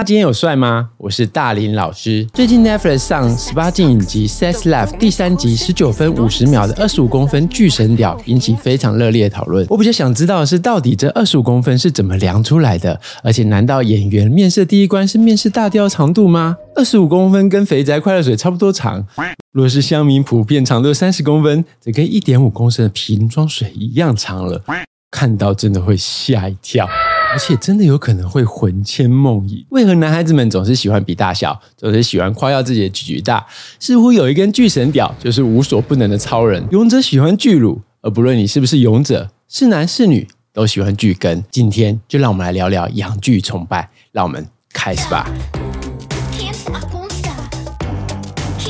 他、啊、今天有帥嗎？我是大林老師。最近 Netflix 上《十八禁影集》《Sex Life》第三集十九分五十秒的二十五公分巨神屌引起非常熱烈的討論。我比較想知道的是，到底這二十五公分是怎麼量出來的？而且，難道演員面試第一關是面試大鵰長度嗎？二十五公分跟肥宅快樂水差不多長。若是鄉民普遍長度三十公分，則跟一點五公升的瓶裝水一樣長了。看到真的會嚇一跳。而且真的有可能會魂牽夢縈。為何男孩子們總是喜歡比大小，總是喜歡誇耀自己的 GG 大？似乎有一根巨神屌，就是無所不能的超人。勇者喜歡巨乳，而不論你是不是勇者，是男是女，都喜歡巨根。今天就讓我們來聊聊陽具崇拜，讓我們開始吧。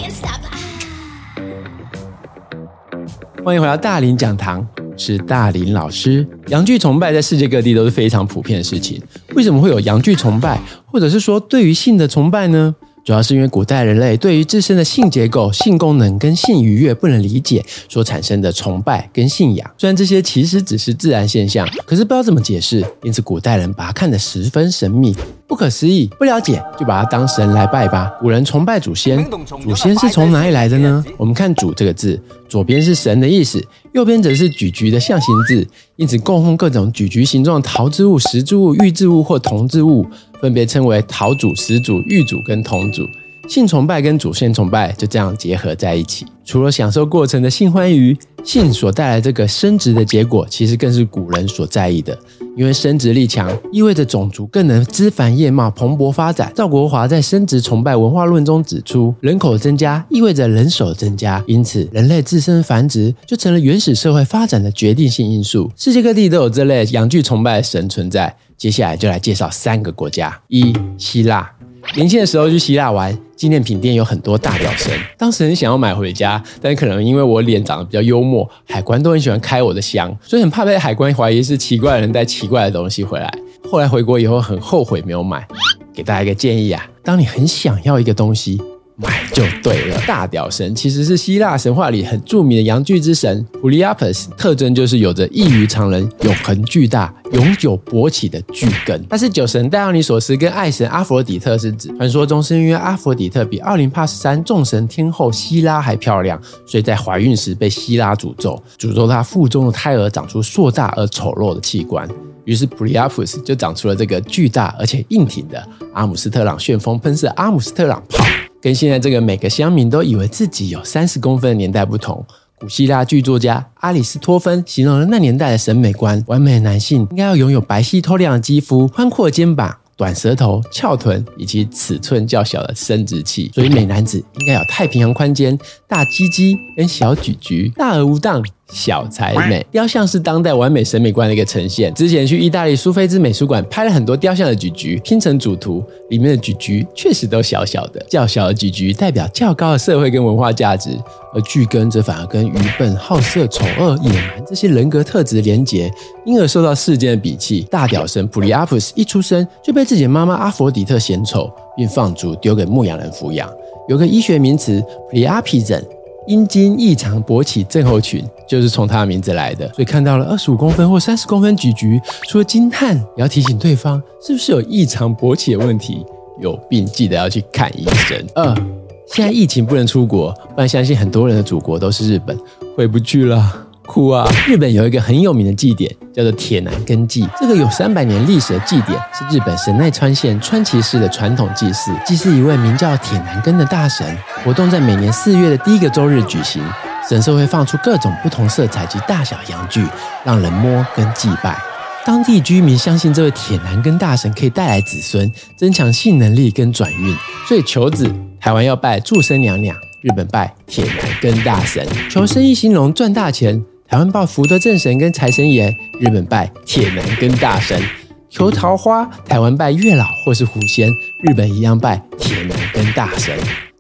歡迎回到大林講堂。是大林老師。陽具崇拜在世界各地都是非常普遍的事情。為什麼會有陽具崇拜？或者是說對於性的崇拜呢？主要是因為古代人類對於自身的性結構、性功能跟性愉悅不能理解所產生的崇拜跟信仰。雖然這些其實只是自然現象，可是不知道怎麼解釋，因此古代人把它看得十分神秘。不可思議，不了解就把它當神來拜吧。古人崇拜祖先，祖先是從哪裡來的呢？我們看“祖”這個字，左邊是神的意思，右邊則是舉舉的象形字。因此，供奉各種舉舉形狀的陶之物、石之物、玉之物或銅之物，分別稱為陶祖、石祖、玉祖跟銅祖。性崇拜跟祖先崇拜就這樣結合在一起。除了享受過程的性歡愉，性所帶來這個生殖的結果，其實更是古人所在意的。因為生殖力強，意味着種族更能枝繁葉茂、蓬勃發展。趙國華在《生殖崇拜文化論》中指出，人口增加意味着人手增加，因此人類自身繁殖就成了原始社會發展的決定性因素。世界各地都有這類陽具崇拜的神存在。接下來就來介紹三個國家：一、希臘。年輕的時候去希臘玩，紀念品店有很多大屌神。當時很想要買回家，但可能因為我臉長得比較幽默，海關都很喜歡開我的箱，所以很怕被海關懷疑是奇怪的人帶奇怪的東西回來。後來回國以後很後悔沒有買。給大家一個建議啊，當你很想要一個東西。買就對了。大屌神其實是希臘神話裡很著名的陽具之神普利阿普斯，特徵就是有着異於常人、永恆巨大、永久勃起的巨根。他是酒神戴奧尼索斯跟愛神阿佛羅狄特之子。傳說中是因為阿佛羅狄特比奧林帕斯山眾神天後希拉還漂亮，所以在懷孕時被希拉詛咒，詛咒她腹中的胎兒長出碩大而醜陋的器官。於是普利阿普斯就長出了這個巨大而且硬挺的阿姆斯特朗旋風噴射阿姆斯特朗炮。跟現在這個每個鄉民都以為自己有三十公分的年代不同，古希臘劇作家阿里斯托芬形容了那年代的審美觀：完美的男性應該要擁有白皙透亮的肌膚、寬闊的肩膀、短舌頭、翹臀以及尺寸較小的生殖器；所以美男子應該有太平洋寬肩、大雞雞跟小舉舉，大而無當。小才美雕像，是當代完美審美觀的一個呈現。之前去意大利蘇菲茲美術館拍了很多雕像的巨菊，拼成主圖。裡面的巨菊確實都小小的，較小的巨菊代表較高的社會跟文化價值，而巨根則反而跟愚笨、好色、醜惡、野蠻這些人格特質連結，因而受到世間的鄙棄。大屌神普利阿普斯一出生就被自己的媽媽阿佛迪特嫌醜，並放逐丟給牧羊人撫養。有個醫學名詞，普利阿皮症。陰莖異常勃起症候群，就是從他的名字來的，所以看到了二十五公分或三十公分巨屌，除了驚嘆，也要提醒對方是不是有異常勃起的問題，有病記得要去看醫生。二，現在疫情不能出國，不然相信很多人的祖國都是日本，回不去了。哭啊！日本有一個很有名的祭典，叫做鐵男根祭。這個有三百年歷史的祭典，是日本神奈川縣川崎市的傳統祭祀，祭祀一位名叫鐵男根的大神。活動在每年四月的第一個周日舉行，神社會放出各種不同色彩及大小陽具，讓人摸跟祭拜。當地居民相信這位鐵男根大神可以帶來子孫、增強性能力跟轉運，所以求子。台灣要拜祝生娘娘，日本拜鐵男根大神。求生意興隆賺大錢。台灣拜福德正神跟財神爺，日本拜鐵男跟大神，求桃花，台灣拜月老或是狐仙，日本一樣拜鐵男跟大神，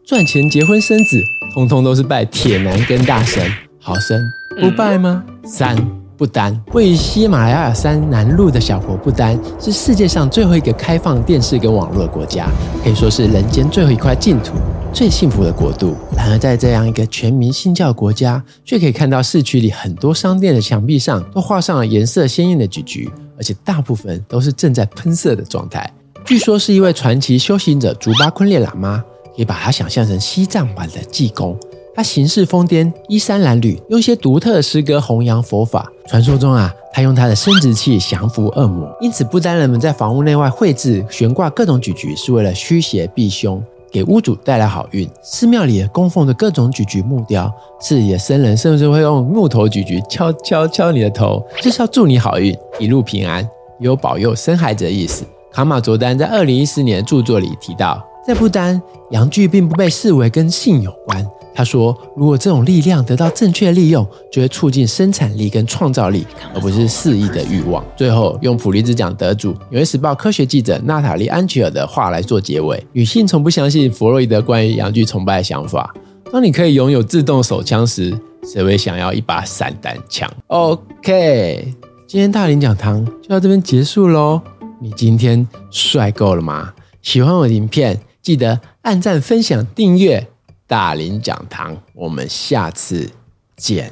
賺錢、結婚、生子，通通都是拜鐵男跟大神。好生，不拜嗎？三、不丹。位於喜馬拉雅山南麓的小國不丹，是世界上最後一個開放電視跟網絡的國家，可以說是人間最後一塊淨土。最幸福的國度。然而，在這樣一個全民信教國家，卻可以看到市區裡很多商店的牆壁上都畫上了顏色鮮豔的菊菊，而且大部分都是正在噴射的狀態。據說是一位傳奇修行者竹巴昆列喇嘛，也把他想象成西藏版的濟公。他行事瘋癲，衣衫襤褸，用一些獨特的詩歌弘揚佛法。傳說中啊，他用他的生殖器降服惡魔，因此不丹人們在房屋內外繪製、懸掛各種菊菊，是為了驅邪避凶。給屋主帶來好運。寺廟裡也供奉着各種舉舉木雕，寺裡的僧人甚至會用木頭舉舉敲，敲敲敲你的頭，這、就是要祝你好運、一路平安，也有保佑生孩子的意思。卡瑪卓丹在二零一四年的著作裡提到。在不丹，陽具並不被視為跟性有關。他說，如果這種力量得到正確利用，就會促進生產力跟創造力，而不是肆意的慾望。最後，用普利茲獎得主、紐約時報科學記者娜塔莉·安吉爾的話來做結尾：女性從不相信弗洛伊德關於陽具崇拜的想法。當你可以擁有自動手槍時，誰會想要一把散彈槍？OK，今天大林講堂就到這邊結束嘍。你今天帥夠了嗎？喜歡我的影片？記得按贊、分享、訂閱大林講堂，我們下次見。